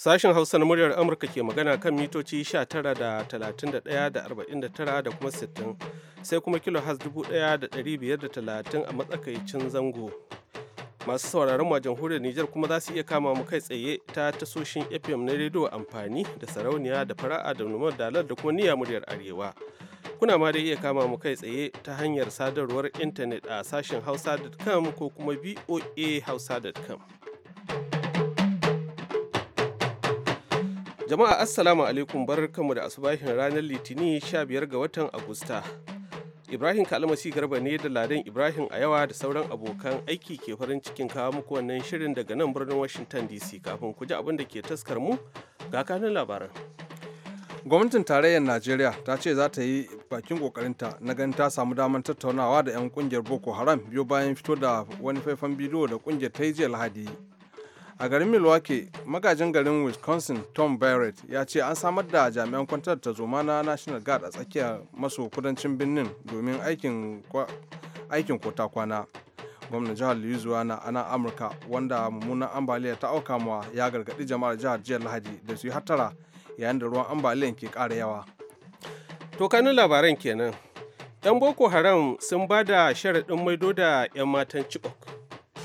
Sashen Hausa na muryar Amurka ke magana kan mitoci 19 da 31 da 49 da kuma 60 sai kuma kilo has 1530 a matsakaicin zango. Masu sauraron wajen jamhuriyar Nijar kuma za su iya kama mu kai tsaye ta tasoshin FM na rediyo amfani da sarauniya da fara'a da numar dalar da kuma niyya muryar arewa. Kuna ma da iya kama mu kai tsaye ta hanyar sadarwar intanet a sashen hausa.com ko kuma voa hausa.com. Jama'a Assalamu alaikum kamu da asubahin ranar Litinin 15 ga watan Agusta. Ibrahim Kalmasi Garba ne da Ladan Ibrahim a yawa da sauran abokan aiki ke farin cikin kawo muku wannan shirin daga nan birnin Washington DC kafin ku ji abin da ke taskar mu ga kanun labaran. Gwamnatin tarayyar Najeriya ta ce za ta yi bakin kokarinta na ganin ta samu damar tattaunawa da 'yan kungiyar Boko Haram biyo bayan fito da wani faifan bidiyo da kungiyar ta yi jiya Lahadi a garin milwaukee magajin garin wisconsin tom barrett ya ce an samar da jami'an kwantar zoma na national guard a tsakiyar maso kudancin birnin domin aikin kota kwana gwamnan jihar louisiana a nan amurka wanda mummunan ambaliya ta auka mawa ya gargaɗi jama'ar jihar jiya lahadi da su yi hattara yayin da ruwan ambaliyan ke kara yawa to kanin labaran kenan 'yan boko haram sun ba da sharaɗin maido da 'yan matan chibok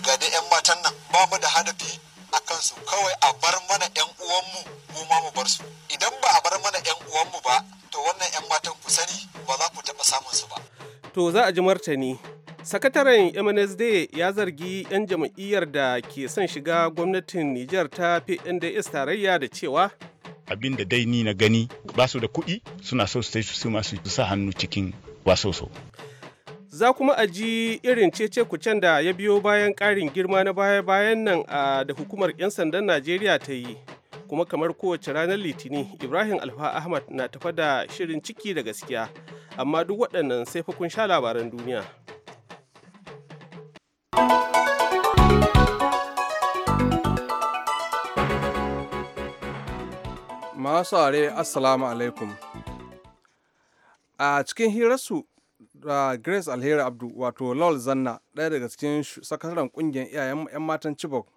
ga dai 'yan matan nan ba mu da hadafi su kawai a bar mana yan uwanmu mu ma mu bar su idan ba a bar mana yan uwanmu ba to wannan yan matan ku sani ba za ku taɓa samun su ba to za a ji martani sakataren mnsd ya zargi 'yan jam'iyyar da ke son shiga gwamnatin nijar ta pnds tarayya da cewa abin da dai ni na gani ba su da kuɗi suna so su su masu sa hannu cikin wasoso za kuma a ji irin cece kucen da ya biyo bayan ƙarin girma na baya-bayan nan da hukumar 'yan sandan najeriya ta yi kuma kamar kowace ranar litini ibrahim alfa ahmad na tafa da shirin ciki da gaskiya amma duk waɗannan sai fa kun sha labaran duniya masu are assalamu alaikum a cikin hirarsu da ah, grace alheri abdu wato Lol zanna ɗaya daga cikin sakataren kungiyar iyayen 'yan matan chibok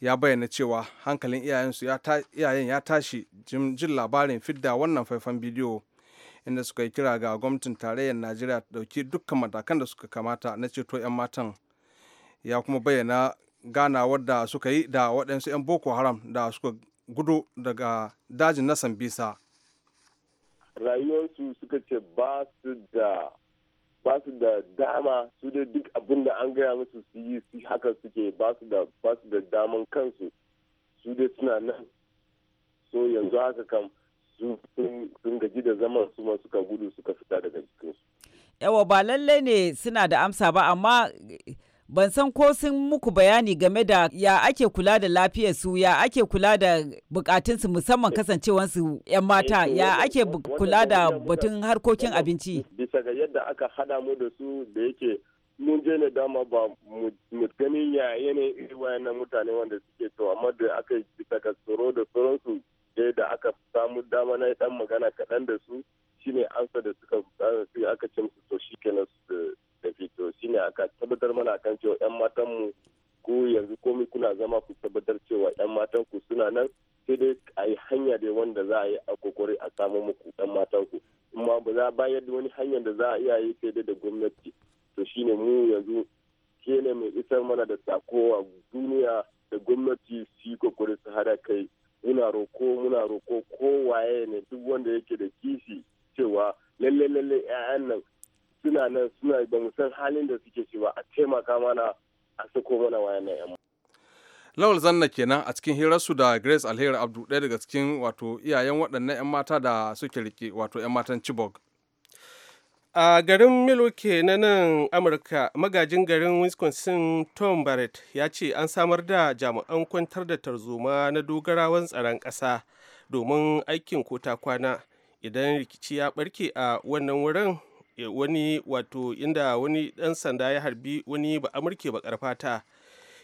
ya bayyana cewa hankalin iyayen ya tashi jin labarin fidda wannan faifan bidiyo inda suka yi kira ga gwamnatin tarayyar najeriya ta dauki dukkan matakan da suka kamata na ceto 'yan matan ya kuma bayyana ganawar da suka yi da waɗansu 'yan boko haram da suka gudu daga dajin na sambisa rayuwarsu suka ce ba su da ba su da dama su da duk abin da an gaya musu su yi su haka suke ba su da ba su da daman kansu su dai suna nan so yanzu haka kam sun gaji da zaman su ma suka gudu suka fita daga jikinsu. Yawa ba lallai ne suna da amsa ba amma ban san ko sun muku bayani game da ya ake kula da lafiyar su ya ake kula da bukatunsu musamman kasancewansu 'yan mata eh, ya ake kula da batun harkokin abinci bisa ga yadda aka hada mu da su da yake mun je ne dama ba mu gani ya yanayin iri wayannan mutane wanda suke to amma da aka yi bisa ga tsoro da tsoron je da aka samu dama na dan magana kaɗan da su shine ansa da suka aka ce musu to shikenan su duniya ka tabbatar mana kan cewa 'yan mu ko yanzu komai kuna zama ku tabbatar cewa 'yan matan ku suna nan sai dai a yi hanya dai wanda za a yi a kokori a samu muku 'yan matan ku amma ba za a bayar da wani hanyar da za a iya yi sai dai da gwamnati to shine mu yanzu ke ne mai isar mana da sako duniya da gwamnati su yi kokori su hada kai muna roko muna roko kowaye ne duk wanda yake da kishi cewa lalle lalle 'ya'yan nan suna nan suna ba mu san halin da suke ci ba a taimaka mana a sako mana wayannan yan Lawal Zanna kenan a cikin hirar su da Grace Alheri Abdu ɗaya daga cikin wato iyayen waɗannan 'yan mata da suke rike wato 'yan matan Chibok. a garin milwaukee na nan amurka magajin garin wisconsin tom barrett ya ce an samar da jami'an kwantar da tarzoma na dogarawan tsaron ƙasa domin aikin kota kwana idan rikici ya barke a wannan wurin Eh, wani wato inda wani ɗan sanda ya harbi wani ba amurke ba karfata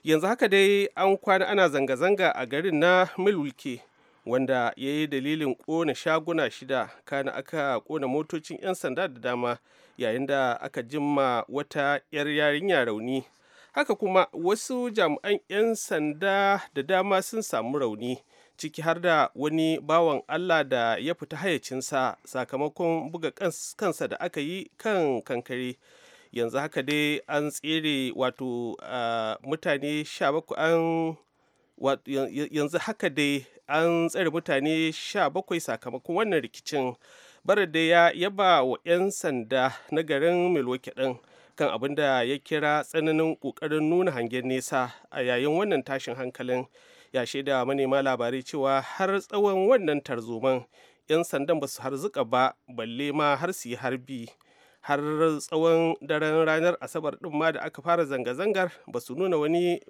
yanzu haka dai an kwana ana zanga-zanga a garin na milwilke wanda ya yi dalilin kona shaguna shida kana aka kona motocin 'yan sanda da dama yayin da aka jimma wata 'yar yarinya rauni haka kuma wasu jami'an 'yan sanda da dama sun samu rauni ciki har da wani bawan Allah da ya fita hayacinsa sakamakon buga kansa da aka yi kan kankare yanzu haka dai an tsere wato mutane sha an yanzu haka dai an tsere mutane bakwai sakamakon wannan rikicin bara da ya yaba wa 'yan sanda na garin milwaukee ɗin, kan abin da ya kira tsananin ƙoƙarin nuna hangen nesa a yayin wannan tashin hankalin ya shaida manema labarai cewa har tsawon wannan tarzoman 'yan sandan ba su harzuka ba balle ma har su yi harbi har tsawon daren ranar asabar ɗin ma da aka fara zanga-zangar ba su nuna wani eh,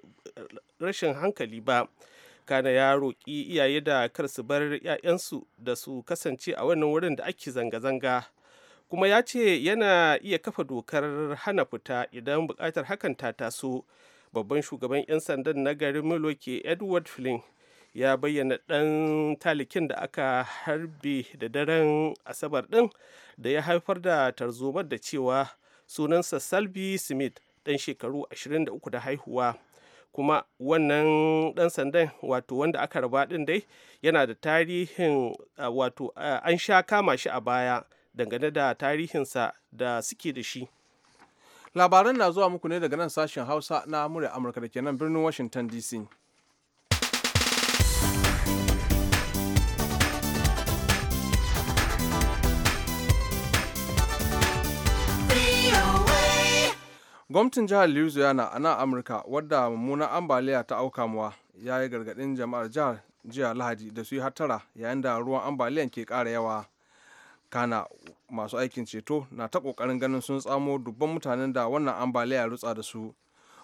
rashin hankali ba kana ya roƙi iyaye da kar su bar 'ya'yansu da su kasance a wannan wurin da ake zanga-zanga kuma ya ce yana iya kafa dokar hana fita idan buƙatar hakan ta taso babban shugaban 'yan sandan na garin miloke edward flynn ya bayyana ɗan talikin da aka harbe da daren asabar ɗin da ya haifar da tarzomar da cewa sunansa salvi smith ɗan shekaru 23 da haihuwa kuma wannan ɗan sandan wato wanda aka raba ɗin dai yana da tarihin wato an sha kama shi a baya dangane da tarihinsa da suke da shi labaran na zuwa muku ne daga nan sashen hausa na murya amurka da ke nan birnin washington dc gwamnatin jihar louisiana a nan amurka wadda mummunan ambaliya ta aukamuwa ya yi gargadin jama'ar jihar jiya lahadi da su yi hattara yayin da ruwan ambaliyan ke ƙara yawa kana masu aikin ceto na ta kokarin ganin sun tsamo dubban mutanen da wannan ambaliya ya rutsa da su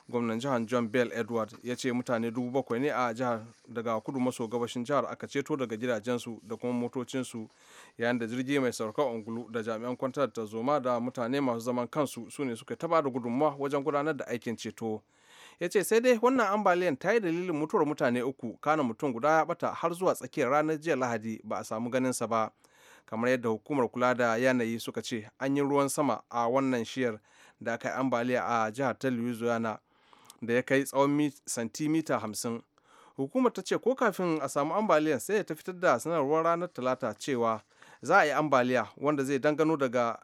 gwamnan jihar john bell edward ya ce mutane dubu bakwai ne a jihar daga kudu maso gabashin jihar aka ceto daga gidajensu da kuma motocinsu yayin da jirgi mai saukar ungulu da jami'an kwantar da zoma da mutane masu zaman kansu su ne suka taba da gudunmawa wajen gudanar da aikin ceto ya ce sai dai wannan ambaliyan ta yi dalilin mutuwar mutane uku kana mutum guda ya bata har zuwa tsakiyar ranar jiya lahadi ba a samu ganinsa ba kamar yadda hukumar kula da yanayi suka ce an yi ruwan sama a wannan shiyar da aka yi ambaliya a jihar ta louisiana da ya kai tsawon santimita hamsin hukumar ta ce ko kafin a samu ambaliyar sai ta fitar da sanarwar ranar talata cewa za a yi ambaliya wanda zai dangano daga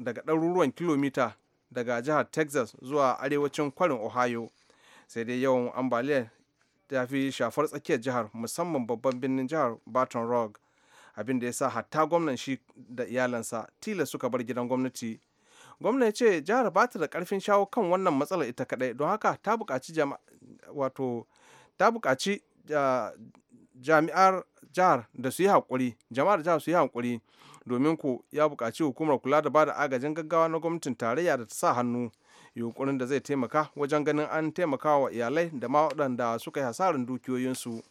ɗaruruwan kilomita daga jihar texas zuwa arewacin kwarin ohio sai dai yawan ambaliyar ta fi shafar tsakiyar jihar musamman babban birnin jihar baton rouge abin da ya sa hatta gwamnan shi da iyalansa tilas suka bar gidan gwamnati gwamna ya ce jihar ba ta da karfin shawo kan wannan matsalar ita kadai don haka ta buƙaci wato ta buƙaci jami'ar jihar da su yi haƙuri jama'ar jihar su yi haƙuri domin ku ya bukaci hukumar kula da bada agajin gaggawa na gwamnatin tarayya da ta sa hannu yunkurin da zai taimaka wajen ganin an taimaka wa iyalai da ma waɗanda suka yi hasarin dukiyoyinsu.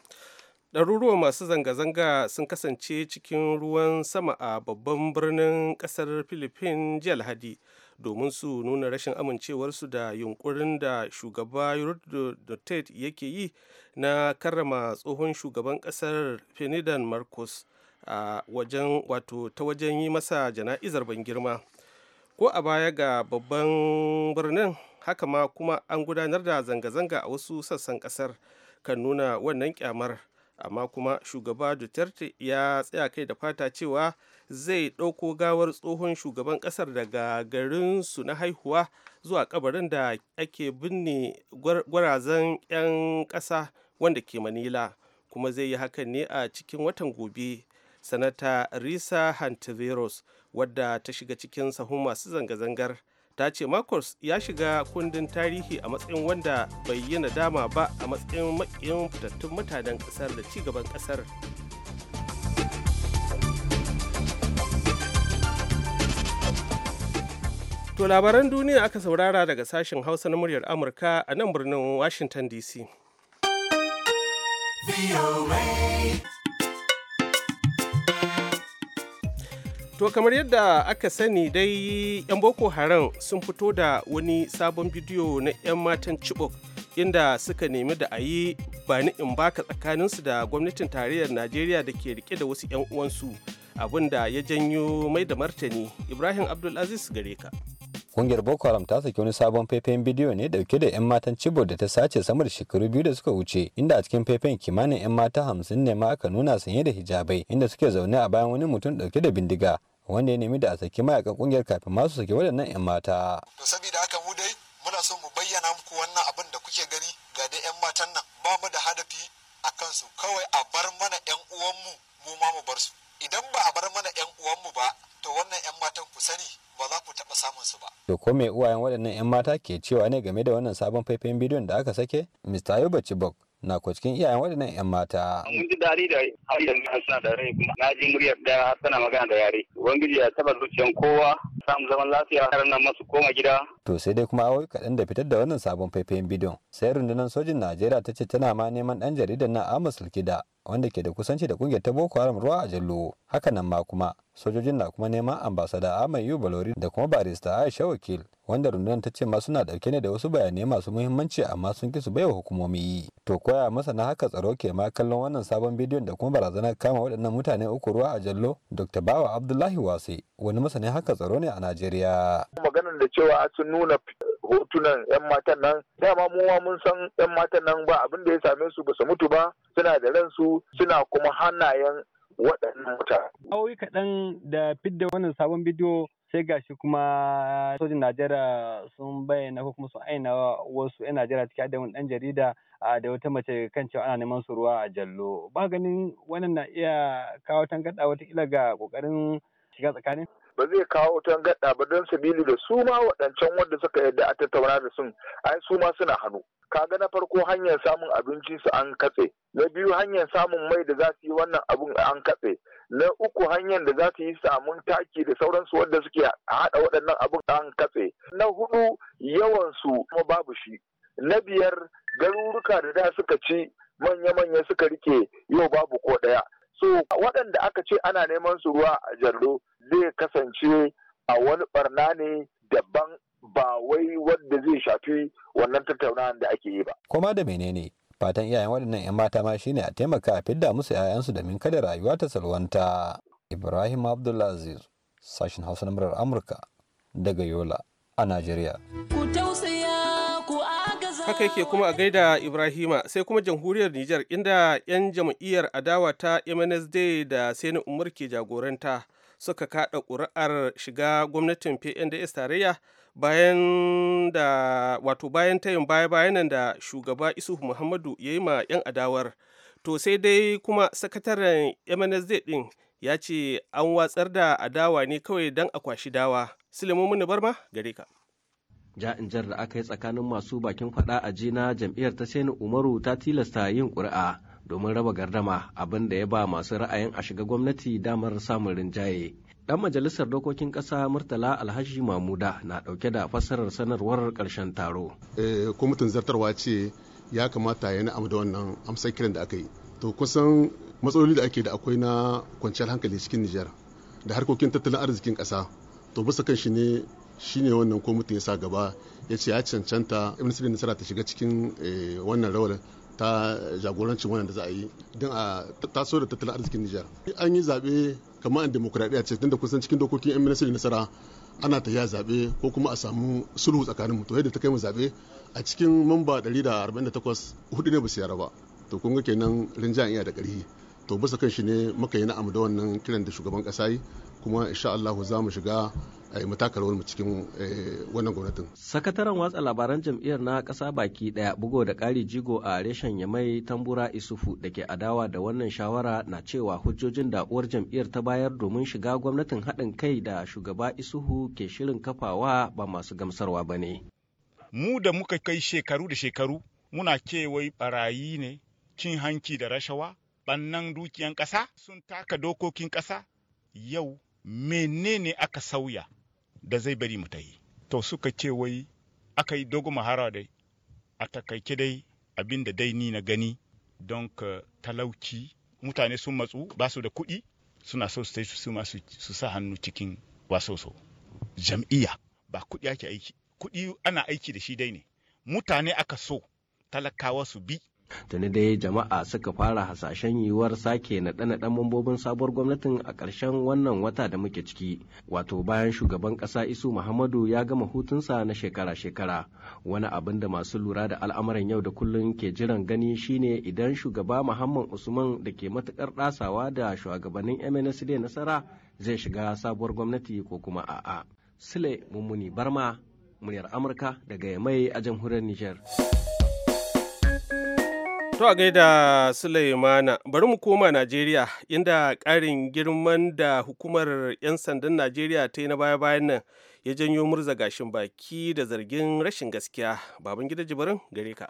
ɗaruruwan masu zanga-zanga sun kasance cikin ruwan sama a babban birnin ƙasar philippines jiya lahadi domin su nuna rashin amincewarsu da yunkurin da shugaba Duterte yake yi na karrama tsohon shugaban ƙasar finidan marcos a wajen wato ta wajen yi masa jana'izar ban girma ko a baya ga babban birnin haka ma kuma an gudanar da zanga-zanga a wasu sassan ƙasar kan nuna wannan kyamar amma kuma shugaba duterte ya tsaya kai da fata cewa zai ɗauko gawar tsohon shugaban ƙasar daga garinsu na haihuwa zuwa kabarin da ake binne gwarazan 'yan ƙasa wanda ke manila kuma zai yi hakan ne a cikin watan gobe sanata risa hantiveros wadda ta shiga cikin sahun masu zanga-zangar ta ce marcus ya shiga kundin tarihi a matsayin wanda bai yi nadama ba a matsayin makiyin fitattun mutanen kasar da cigaban kasar to labaran duniya aka saurara daga sashen hausa na muryar amurka a nan birnin washington dc To kamar yadda aka sani dai 'yan Boko Haram sun fito da wani sabon bidiyo na 'yan matan Chibok inda suka nemi da a yi bani in baka tsakaninsu da gwamnatin tarayyar Najeriya da ke rike da wasu 'yan uwansu abinda ya janyo mai da martani Ibrahim Abdulaziz gare ka. kungiyar boko haram ta saki wani sabon faifen bidiyo ne dauke da yan matan chibok da ta sace samar shekaru biyu da suka wuce inda a cikin faifen kimanin yan mata hamsin ne ma aka nuna sanye da hijabai inda suke zaune a bayan wani mutum dauke da bindiga wanda ya nemi da a saki mayakan kungiyar kafin masu saki waɗannan 'yan mata. To saboda haka mu dai muna so mu bayyana muku wannan abin da kuke gani ga dai 'yan matan nan ba mu da hadafi a kansu kawai a bar mana 'yan uwanmu mu ma mu bar su. Idan ba a bar mana 'yan uwanmu ba to wannan 'yan matan ku sani ba za ku taɓa samun su ba. To ko mai uwayen waɗannan 'yan mata ke cewa ne game da wannan sabon faifayen bidiyon da aka sake? Mr. Ayuba Chibok na ko cikin iyayen waɗannan 'yan mata. Mun ji daɗi da har yanzu an suna da rai kuma na ji muryar da tana magana da yare. Ubangiji ya taɓa zuciyan kowa samun zaman lafiya har nan masu koma gida. To sai dai kuma awai kadan da fitar da wannan sabon faifayin bidiyon. Sai rundunar sojin Najeriya ta ce tana ma neman ɗan jaridan na Amos Lukida wanda ke da kusanci da ƙungiyar ta Boko Haram ruwa a Jallo. nan ma kuma sojojin na kuma neman ambasada ahmad yu balori da kuma barista aisha wakil wanda rundunar ta ce ma suna dauke ne da wasu bayanai masu muhimmanci amma sun ki su baiwa hukumomi to koya masana haka tsaro ke ma kallon wannan sabon bidiyon da kuma barazanar kama waɗannan mutane uku ruwa a jallo dr bawa abdullahi wase wani masanin haka tsaro ne a najeriya maganar da cewa sun nuna hotunan yan matan nan dama mu mun san yan matan nan ba abin da ya same su ba su mutu ba suna da ransu suna kuma hannayen waɗannan wuta. Awowi kaɗan da fidda wannan sabon bidiyo sai gashi kuma sojin Najeriya sun bayyana ko kuma sun aina wasu 'yan Najeriya cikin da ɗan jarida da wata mace kan cewa ana neman su ruwa a jallo. Ba ganin wannan na iya kawo tangarɗa wata ga ƙoƙarin shiga tsakanin. ba zai kawo tangaɗa ba don sabili da su ma waɗancan wanda suka yadda a tattauna da sun ai su ma suna hannu kaga na farko hanyar samun abinci su an katse na biyu hanyar samun mai da za su yi wannan abun an katse na uku hanyar da za su yi samun taki da sauransu wanda suke haɗa waɗannan abun an katse na hudu yawan su kuma babu shi na biyar garuruka da da suka ci manya-manya suka rike yau babu ko ɗaya so waɗanda aka ce ana neman su ruwa a jallo zai kasance a wani barna ne daban ba wai wanda zai shafi wannan tattaunawa da ake yi ba. Koma da menene fatan iyayen waɗannan 'yan mata ma shine a taimaka a fidda musu 'ya'yansu domin kada rayuwa ta salwanta. Ibrahim Abdulaziz, sashen Hausa na Amurka daga Yola a Najeriya. Ku tausayi haka yake kuma a gaida ibrahima sai kuma jamhuriyar niger inda 'yan jam'iyyar adawa ta mnsd da sani umar ke jagoranta suka kada ƙuri'ar shiga gwamnatin pnds tarayya bayan da wato bayan tayin baya bayanan da shugaba isuhu muhammadu ya yi ma 'yan adawar to sai dai kuma sakataren mnsd din ya ce an watsar da adawa ne kawai don a kwashi dawa silimin muni barma gare ka ja'in jar da aka yi tsakanin masu bakin faɗa a jina jam'iyyar ta sani umaru ta tilasta yin ƙuri'a domin raba gardama abin da ya ba masu ra'ayin a shiga gwamnati damar samun rinjaye dan majalisar dokokin kasa murtala alhaji mamuda na ɗauke da fassarar sanarwar karshen taro eh, kwamitin zartarwa ce ya kamata ya na da wannan amsar kiran da aka yi to kusan matsaloli da ake da akwai na kwanciyar hankali cikin nijar da harkokin tattalin arzikin ƙasa to bisa kan shi ne shine wannan kwamitin ya sa gaba ya ce ya cancanta sirri nasara ta shiga cikin eh, wannan rawar ta jagorancin wannan da za a yi don a taso da tattalin arzikin nijar an yi zaɓe kamar demokuraɗiyya ce tunda kusan cikin dokokin ibn sirri nasara ana ta yi zaɓe ko kuma a samu sulhu tsakanin mutu yadda ta kai mu zaɓe a cikin mamba 148 hudu ne ba su yara ba to kun ga kenan rinjayen iya da ƙarfi to bisa kan shi ne makayi yi na'am da wannan kiran da shugaban ƙasa yi kuma insha Allah za mu shiga yi eh, matakarwar mu cikin eh, wannan gwamnatin. Sakataren watsa labaran jam'iyyar na ƙasa baki ɗaya bugo da ƙari jigo a reshen Yamai Tambura Isufu da ke adawa da wannan shawara na cewa hujjojin da uwar jam'iyyar ta bayar domin shiga gwamnatin haɗin kai da shugaba isufu ke shirin kafawa ba masu gamsarwa ba ne. Mu da muka kai shekaru da shekaru muna kewai barayi ne cin hanci da rashawa bannan dukiyan ƙasa sun taka dokokin ƙasa yau menene aka sauya da zai bari mu ta yi to suka ce wai aka yi dogo mahara dai a takaice dai abin da dai ni na gani don talauci mutane sun matsu ba su da kuɗi suna so su su ma su sa hannu cikin wasoso jam'iyya ba kuɗi ake aiki kuɗi ana aiki da shi dai ne mutane aka so talakawa su bi tuni dai jama'a suka fara hasashen yiwuwar sake naɗe-naɗen mambobin sabuwar gwamnatin a ƙarshen wannan wata da muke ciki wato bayan shugaban ƙasa isu muhammadu ya gama hutunsa na shekara-shekara wani abin da masu lura da al'amuran yau da kullum ke jiran gani shine idan shugaba muhammad usman da ke matuƙar ɗasawa da shugabannin mnsd nasara zai shiga sabuwar gwamnati ko kuma a'a sule mummuni barma muryar amurka daga yamai a jamhuriyar niger To a gaida Sulaimana, bari mu koma Najeriya inda ƙarin girman da hukumar 'yan sandan Najeriya ta yi na baya-bayan nan ya janyo murza gashin baki da zargin rashin gaskiya. Babangida Jibirin gare ka.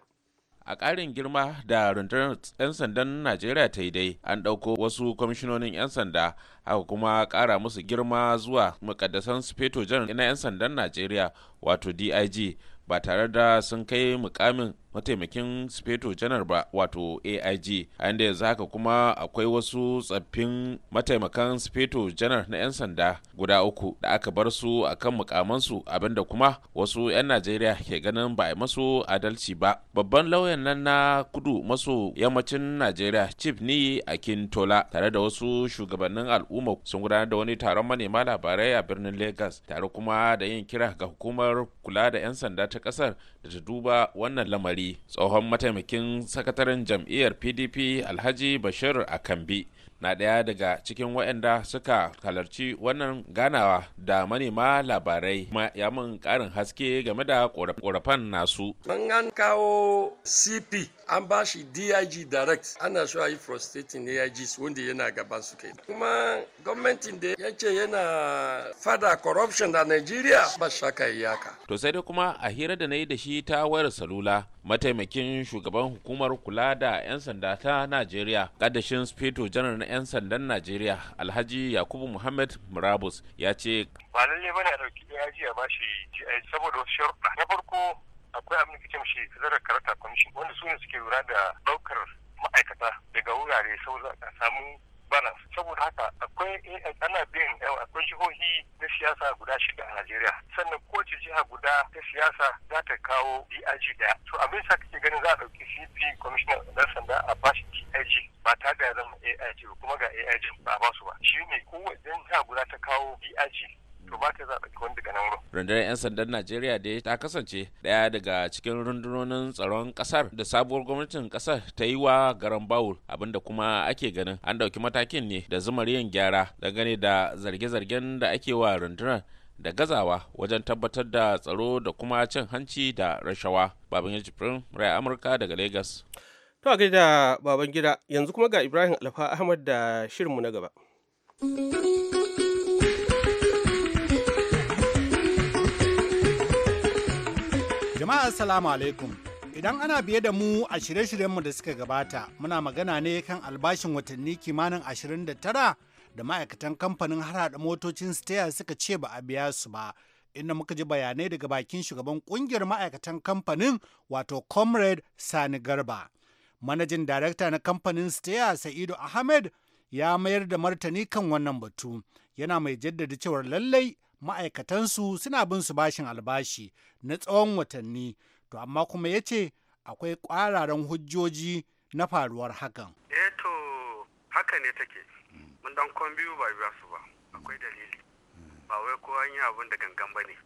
a ƙarin girma da rundunar 'yan sandan najeriya ta yi dai an ɗauko wasu kwamishinonin 'yan sanda haka kuma ƙara musu girma zuwa makaddasan sufeto jan na 'yan sandan najeriya wato dig ba tare da sun kai mukamin mataimakin speto janar ba wato aig a da yanzu haka kuma akwai wasu tsaffin mataimakan speto janar na 'yan sanda guda uku da aka bar su a kan mukamansu abinda kuma wasu 'yan najeriya ke ganin ba a masu adalci ba babban lauyan nan na kudu maso yammacin najeriya chief ni akintola tare da wasu shugabannin al'umma sun gudanar da wani taron manema labarai a birnin lagos tare kuma da yin kira ga hukumar kula da 'yan sanda ta kasar da ta duba wannan lamari tsohon mataimakin sakataren jam'iyyar pdp alhaji bashir akambi na ɗaya daga cikin waɗanda suka halarci wannan ganawa da manema labarai kuma ya min ƙarin haske game da ƙorafan nasu. Mun an kawo CP an ba shi DIG direct ana so a yi frustrating AIGs wanda yana gaban su kai. Kuma gwamnatin da ya ce yana fada corruption a Nigeria ba shaka iyaka. To sai dai kuma a hira da na yi da shi ta wayar salula mataimakin shugaban hukumar kula da 'yan sanda ta najeriya kadashin speto janar na 'yan sandan najeriya alhaji yakubu muhammad murabus ya ce ba lalle ba ne a ɗauki ya ba shi saboda wasu sharuɗa na farko akwai abin da shi zara karata kwamishin wanda su ne suke lura da ɗaukar ma'aikata daga wurare sau a samu balance saboda haka akwai ana bin eh, akwai jihohi na siyasa guda shida a Najeriya sannan kowace jiha guda ta siyasa za ta kawo DIG daya to abin sa kake ganin za a ɗauki CP commissioner ɗan sanda a bashi DIG ba ta da zama AIG kuma ga AIG ba a basu ba shine kowace jiha guda ta kawo DIG to ba ta zaɓa ki wanda nan Rundunar 'yan sandan Najeriya dai ta kasance ɗaya daga cikin rundunonin tsaron ƙasar da sabuwar gwamnatin ƙasar ta yi wa garan bawul abinda kuma ake ganin an ɗauki matakin ne da zumar yin gyara dangane da zarge-zargen da ake wa rundunar da gazawa wajen tabbatar da tsaro da kuma cin hanci da rashawa. Babin Yajibirin Rai Amurka daga Lagos. To a gaida Babangida yanzu kuma ga Ibrahim Alfa Ahmad da shirinmu na gaba. Jama'a Assalamu alaikum. Idan ana biye da mu a shirye-shiryenmu da suka gabata, muna magana ne kan albashin watanni kimanin 29 da ma'aikatan kamfanin harhaɗa motocin steya suka ce ba a biya su ba. Inda muka ji bayanai daga bakin shugaban kungiyar ma'aikatan kamfanin wato Comrade Sani Garba. Manajin darakta na kamfanin steya Sa'idu Ahmed ya mayar da martani kan wannan batu. Yana mai jaddada cewar lallai ma'aikatansu suna bin su bashin albashi na tsawon watanni to amma kuma ya ce akwai ƙwararan hujjoji na faruwar hakan. Eh to haka ne take mun dan kwan biyu ba biya su ba akwai dalili ba wai ko an yi abin da gangan ba ne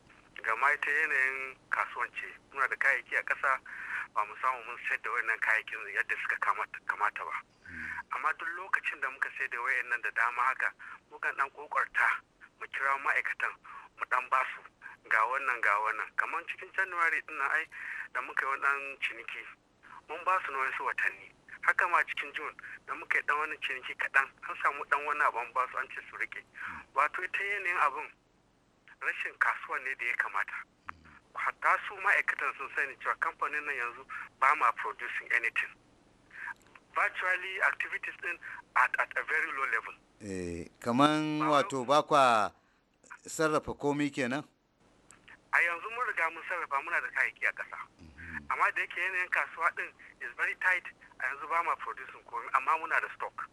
gama ita yanayin kasuwanci muna da kayayyaki a ƙasa ba mu samu mun sayar da wayannan kayayyakin yadda suka kamata ba hmm. amma duk lokacin da muka sayar da wayannan da dama haka mukan dan kokarta mu kira ma'aikatan mu dan basu ga wannan ga wannan kamar cikin january din ai da muka yi wannan ciniki mun ba su na wasu watanni haka ma cikin june da muka yi dan wani ciniki kaɗan an samu dan wani abu an ba su an ce su rike wato ita yanayin abin rashin kasuwa ne da ya kamata hatta su ma'aikatan sun sani cewa kamfanin nan yanzu ba ma producing anything virtually activities din at, at a very low level Eh, kaman wato ba kwa sarrafa komi kenan a yanzu mun riga mun sarrafa muna da kayayyaki a ƙasa mhm. amma da yake yanayin kasuwa din is very tight a yanzu ba ma producing komi amma muna da stock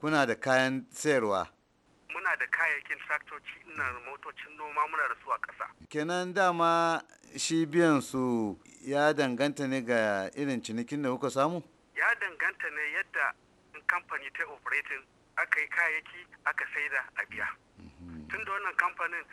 kuna da kayan sayarwa muna da kayayyakin traktoci ina motocin noma muna da su a ƙasa. kenan dama shi biyan su ya danganta ne ga irin cinikin da kuka samu ya danganta ne yadda kamfani ta operating aka yi kayayyaki aka saida a biya mhm. tun da wannan kamfanin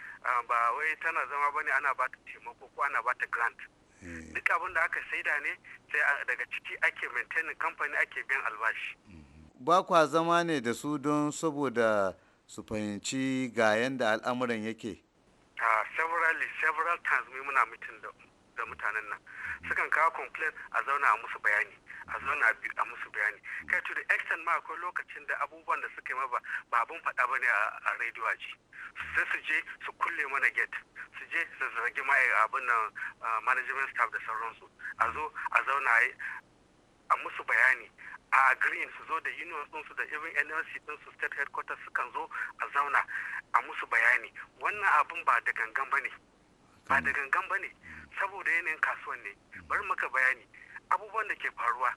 ba wai tana zama ba ne ana ba ta taimako ko ana ba ta grant eh. duk abin da aka saida ne sai daga ciki ake maintaining kamfani ake biyan albashi mhm. ba kwa zama ne da su don saboda su fahimci ga yadda al'amuran yake several several times muna mutum da da mutanen nan sukan kawo complain a zauna a musu bayani a zauna a musu bayani kai to the extent ma akwai lokacin da abubuwan da suka yi ma ba abun faɗa ba ne a rediyo a ji sai su je su kulle mana gate su je su zargi ma eh, abin nan management staff da sauransu a zo a zauna a musu bayani a green su zo da union su da even nlc su state headquarters su kan zo a zauna a musu bayani wannan abin ba da gangan ba ne ba da gangan ba ne saboda yanayin kasuwan ne bari maka bayani abubuwan da ke faruwa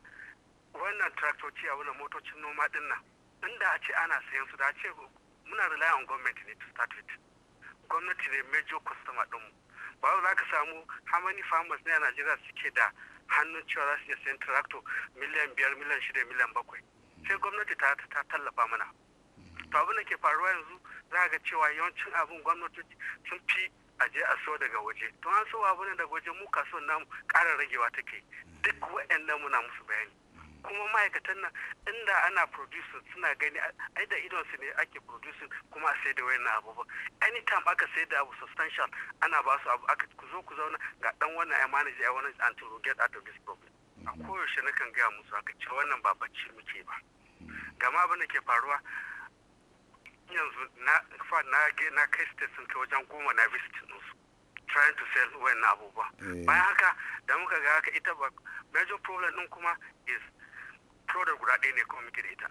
wannan traktoci a wannan motocin noma din nan inda a ce ana sayan su da a ce muna rely on government ne to start with gwamnati ne major customer din mu ba za ka samu how many farmers ne a Najeriya suke da hannun cewa za su iya sayan tractor miliyan biyar miliyan shida miliyan bakwai sai gwamnati ta ta tallafa mana to abin da ke faruwa yanzu za ga cewa yawancin abin gwamnati sun fi a je a so daga waje to an so abu ne daga waje mu namu ƙara ragewa take duk wa'annan muna musu bayani kuma ma'aikatan nan inda ana producing suna gani ai da idon su ne ake producing kuma a sai da wayannan Any anytime aka sai da abu substantial ana ba su abu aka ku zo ku zauna ga dan wannan ai manager ai wannan until we get out of this problem a mhm. koyaushe nakan gaya musu aka ce wannan ba bacci muke ba mhm. gama abin da ke faruwa yanzu na na kai state sun wajen goma na visit su trying to sell wayan abubuwa eh. bayan haka da muka ga haka ita ba major problem din kuma is product guda ɗaya ne kuma muke da ita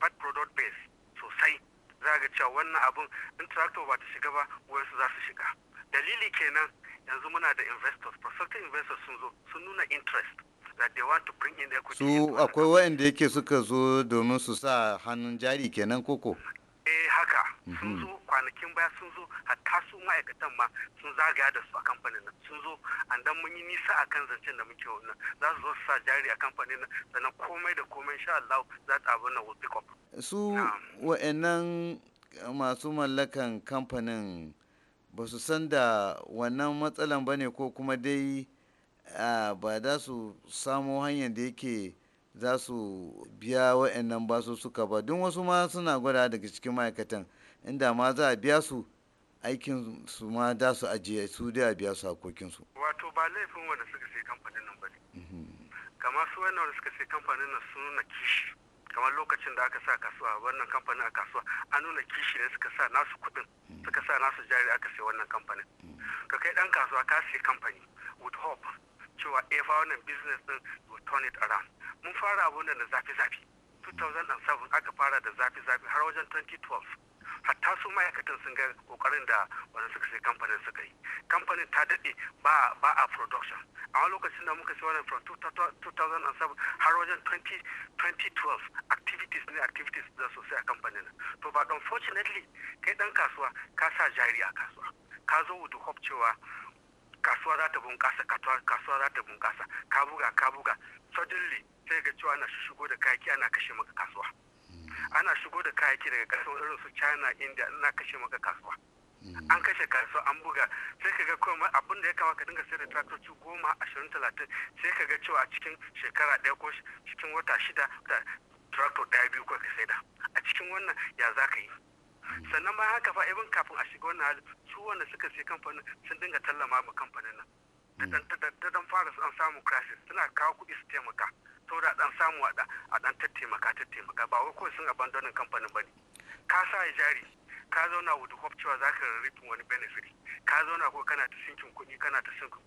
but product base sosai za ga cewa wannan abun in tractor ba ta shiga ba wayansu za su shiga dalili kenan yanzu muna da investors prospective investors sun zo sun nuna interest that they want to bring in equity su akwai wayanda yake suka zo domin su sa hannun jari kenan koko eh haka sun mhm. zo kwanakin baya sun zo hatta su ma'aikatan ma sun zagaya da su a kamfanin nan sun zo an mun yi nisa a kan zancen da muke wannan za su zo su sa jari a kamfanin nan sannan komai da komai insha Allah za ta abin nan pick su wa'annan masu mallakan kamfanin ba su san da wannan matsalan ba ne ko kuma dai ah, ba za su samo hanyar da yake za su biya wa'annan basussuka ba don wasu ma suna gwada daga cikin ma'aikatan inda ma za a biya su aikin su ma da su ajiye su da a biya su hakokinsu. wato ba laifin wanda suka sai kamfanin nan ba ne mhm. kamar su wannan wanda suka sai kamfanin nan sun nuna kishi kamar lokacin da aka sa kasuwa wannan kamfanin a kasuwa an nuna kishi ne suka sa nasu kudin suka sa nasu jari aka sai wannan kamfanin ka mhm. kai dan kasuwa ka sai kamfani with hope cewa efa eh wannan business din will turn it around mun fara abu da zafi-zafi 2007 aka fara da zafi-zafi har wajen 2012 hatta su ma'aikatan sun ga kokarin da wani suka sai kamfanin suka yi kamfanin ta daɗe ba a production a wani lokacin da muka sai wannan from 2007 har wajen 2012 activities ne activities da sosai a kamfanin to ba unfortunately kai ɗan kasuwa ka sa jari a kasuwa ka zo wudu cewa kasuwa za ta bunƙasa kasuwa za ta bunƙasa ka buga ka buga suddenly sai ga cewa ana shigo da kayaki ana kashe maka kasuwa hmm. ana shigo da kayaki daga kasuwa irin su china india ana kashe maka kasuwa hmm. an kashe kasuwa an buga sai ka ga kuma abin da ya kama ka dinga sayar da tractoci goma ashirin talatin sai ka ga cewa a cikin shekara ɗaya ko cikin wata shida tractor ɗaya biyu ko ka da a cikin wannan ya za ka yi sannan ma haka fa ibin kafin a shiga wannan hali su wanda suka sai kamfanin sun dinga tallama ma kamfanin nan da dan fara an samu crisis suna kawo kuɗi su taimaka saboda dan samu a dan tattaimaka tattaimaka ba wai kawai sun abandonin kamfanin ba ne ka sa jari ka zauna wudu hope cewa za ka rarrafin wani benefit ka zauna ko kana ta sinkin kuɗi kana ta sinkin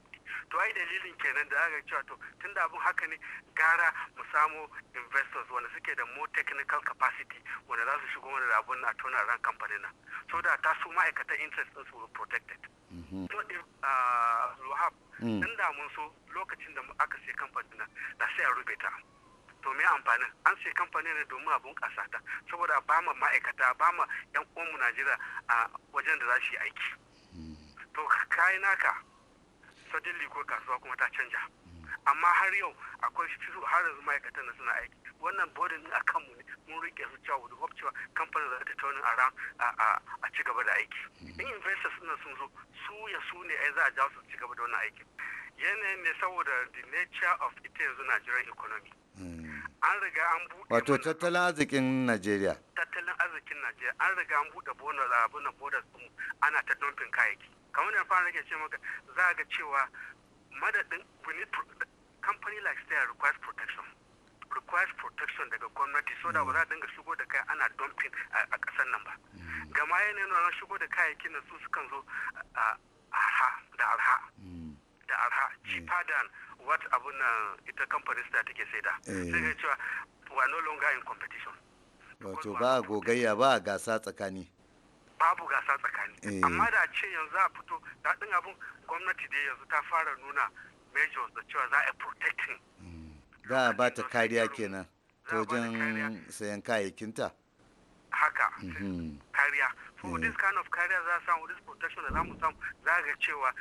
to ai dalilin kenan da aka cewa to tun da abin haka ne gara mu samu investors wanda suke da more technical capacity wanda za su shigo wani da abin a tona ran kamfanin nan so da ta su ma'aikatan interest din su protected mhm. so if uh, wahab mm. tun da mun so lokacin da aka sai kamfanin nan da sai a rube ta to me amfanin an sai kamfani ne domin a bunƙasa ta saboda ba ma ma'aikata ba ma yan uwanmu najeriya a wajen da za su yi aiki mm. to kayi naka dilli ko kasuwa kuma ta canja amma har yau akwai har yanzu ma'aikatan da suna aiki wannan bodin a kanmu ne mun rike su cewa da hope cewa kamfanin za ta a ran a ci gaba da aiki in investors suna sun zo su ya su ne ai za a ja su ci gaba da wannan aiki yanayin ne saboda the nature of ita yanzu Nigerian economy hmm. an riga an buɗe wato tattalin arzikin nigeria tattalin arzikin nigeria an riga an buɗe bonus abin bonus ana ta dumping kayayyaki kamar da fara nake ce maka za ga cewa madadin we need company like stay requires protection requires protection daga gwamnati so da ba za a dinga shigo da kai ana dumping a kasar nan ba mm. gama yanayin na shigo da kayayyakin da su sukan zo a arha da arha mm. da arha mm. cheaper than what abun nan ita companies da take saida eh. sai ga cewa we are no longer in competition wato ba a gogayya ba a gasa tsakani babu gasa tsakani eh. amma da ce yanzu a fito da daɗin abin gwamnati da yanzu ta fara nuna measures da cewa za a protecting mm. za a ba ta kariya kenan ta wajen sayan ta haka mm-hmm. kariya so eh. this kind of kariya za a samu this protection da za mu samu za ga cewa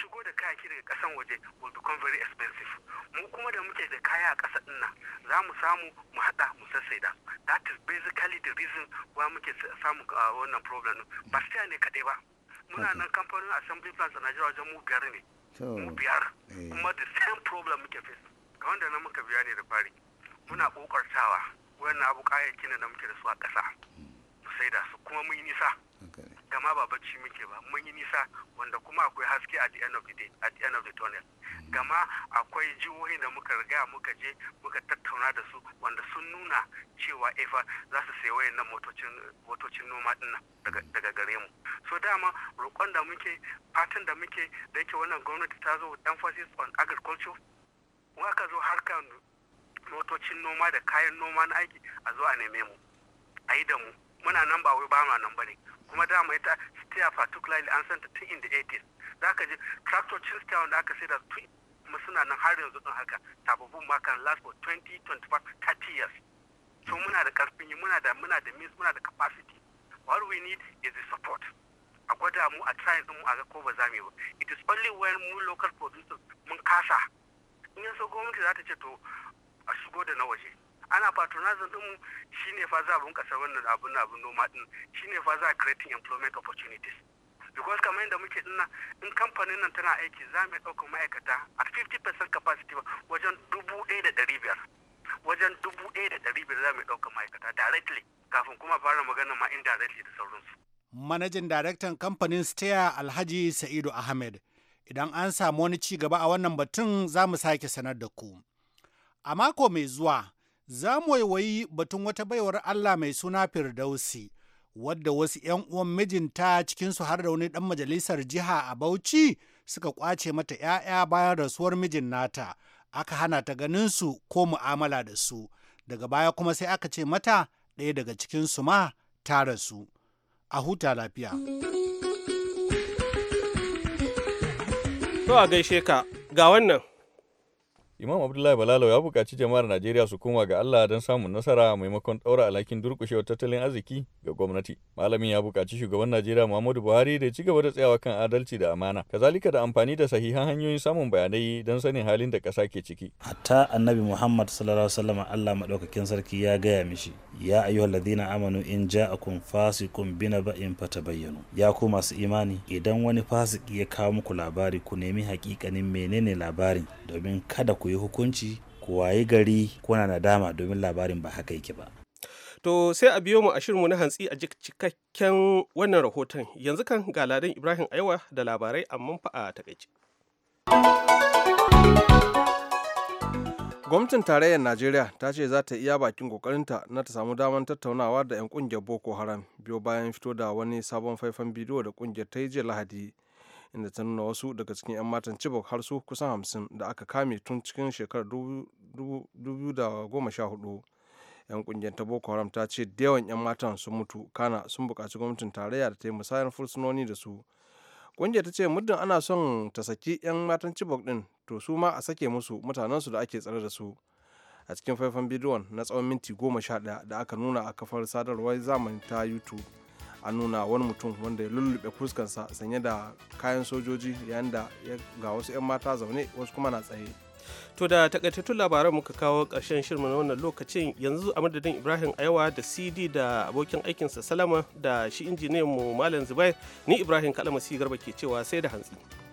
shigo da kayaki daga kasan waje will become very expensive mu kuma da muke da kaya a kasa dinna za mu samu mu hada mu sassaida that is basically the reason why muke samu wannan problem ba sai ne kadai ba muna nan kamfanin assembly plants a Najeriya wajen mu biyar ne mu biyar eh. kuma the same problem muke face ga wanda na muka biya ne da fari muna kokartawa wannan abu kayayyakin da muke da su a kasa mu saida su kuma mun yi nisa ita ma ba bacci muke ba mun yi nisa wanda kuma akwai haske at the end of the day at the end of the tunnel hmm. gama akwai jihohin da muka riga muka je muka tattauna da su wanda sun nuna cewa efa eh za su sayi wayannan motocin motocin noma din hmm. daga gare mu so dama roƙon da muke fatan da muke da yake wannan gwamnati ta zo emphasis on agriculture ka zo harkar motocin noma da kayan noma na aiki a zo a neme mu a yi da mu muna nan ba wai ba nan ba ne kuma dama ita steer particularly an santa tun in the 80s za ka ji chin steer wanda aka sai da tun kuma suna nan har yanzu din haka tababbun ma kan last for 20 25 30 years so muna da karfin muna da muna da means muna da capacity what we need is the support a gwada mu a try din mu a ga ko ba za mu ba it is only when mu local producers mun kasa in yanzu gwamnati za ta ce to a shigo da na waje ana patronizing din shine fa za a bunƙasa wannan abun abun noma din shine fa za a creating employment opportunities because kamar yadda muke dinna in kamfanin nan tana aiki za mu ɗauka ma'aikata at 50% capacity wajen dubu ɗaya da ɗari biyar wajen dubu ɗaya da ɗari biyar za mu ɗauka ma'aikata directly kafin kuma fara magana ma indirectly da sauransu. Manajin daraktan kamfanin Steya Alhaji Sa'idu Ahmed. Idan an samu wani ci gaba a wannan batun za mu sake sanar da ku. A mako mai zuwa za mu waiwayi batun wata baiwar Allah mai suna Firdausi, wadda wasu 'yan uwan mijinta cikinsu har da wani ɗan majalisar jiha a Bauchi suka ƙwace mata 'ya'ya bayan rasuwar mijin nata, aka hana ta ganinsu ko mu'amala da su. Daga baya kuma sai aka ce mata ɗaya daga cikinsu ma ta rasu. A huta lafiya. To a gaishe ka ga wannan. Imam Abdullahi Balalo ya buƙaci jama'ar Najeriya su koma ga Allah don samun nasara maimakon ɗaura alhakin durƙushewar tattalin arziki ga gwamnati. Malamin ya buƙaci shugaban Najeriya Muhammadu Buhari da ci gaba da tsayawa kan adalci da amana, kazalika da amfani da sahihan hanyoyin samun bayanai don sanin halin da ƙasa ke ciki. Hatta Annabi Muhammad sallallahu alaihi wasallam Allah maɗaukakin sarki ya gaya mishi, ya ayyuhal ladina amanu in ja a ja'akum fasiqun binaba'in fatabayyanu. Ya ku masu imani, idan wani fasiki ya kawo muku labari ku nemi hakikanin menene labarin domin kada ku ku yi hukunci ku wayi gari kuna nadama domin labarin ba haka yake ba To sai a biyo mu a shirinmu na hantsi a cikakken wannan rahoton yanzu kan ga ladan Ibrahim Aiwa da labarai amma fa a takaice. Gwamnatin tarayyar Najeriya ta ce za ta iya bakin kokarinta na ta samu damar tattaunawa da 'yan kungiyar Boko Haram biyo bayan fito da wani sabon faifan bidiyo da kungiyar ta yi jiya Lahadi inda ta nuna wasu daga cikin 'yan matan Chibok har su kusan hamsin da aka kame tun cikin shekarar 2014. 'Yan kungiyar ta Boko Haram ta ce da yawan 'yan matan sun mutu kana sun buƙaci gwamnatin tarayya da ta yi musayar fursunoni da su. Kungiyar ta ce muddin ana son ta saki 'yan matan Chibok ɗin to su ma a sake musu mutanensu da ake tsare da su. a cikin faifan bidiyon na tsawon minti goma sha ɗaya da aka nuna a kafar sadarwar zamani ta youtube an nuna wani mutum wanda ya lullube fuskansa sanye da kayan sojoji yayin da ga wasu 'yan mata zaune wasu kuma na tsaye to da takaitattun labaran muka kawo karshen shirin na wannan lokacin yanzu a madadin ibrahim ayawa da cd da abokin aikinsa salama da shi injiniyan mu malam zubair ni ibrahim kalamasi garba ke cewa sai da hantsi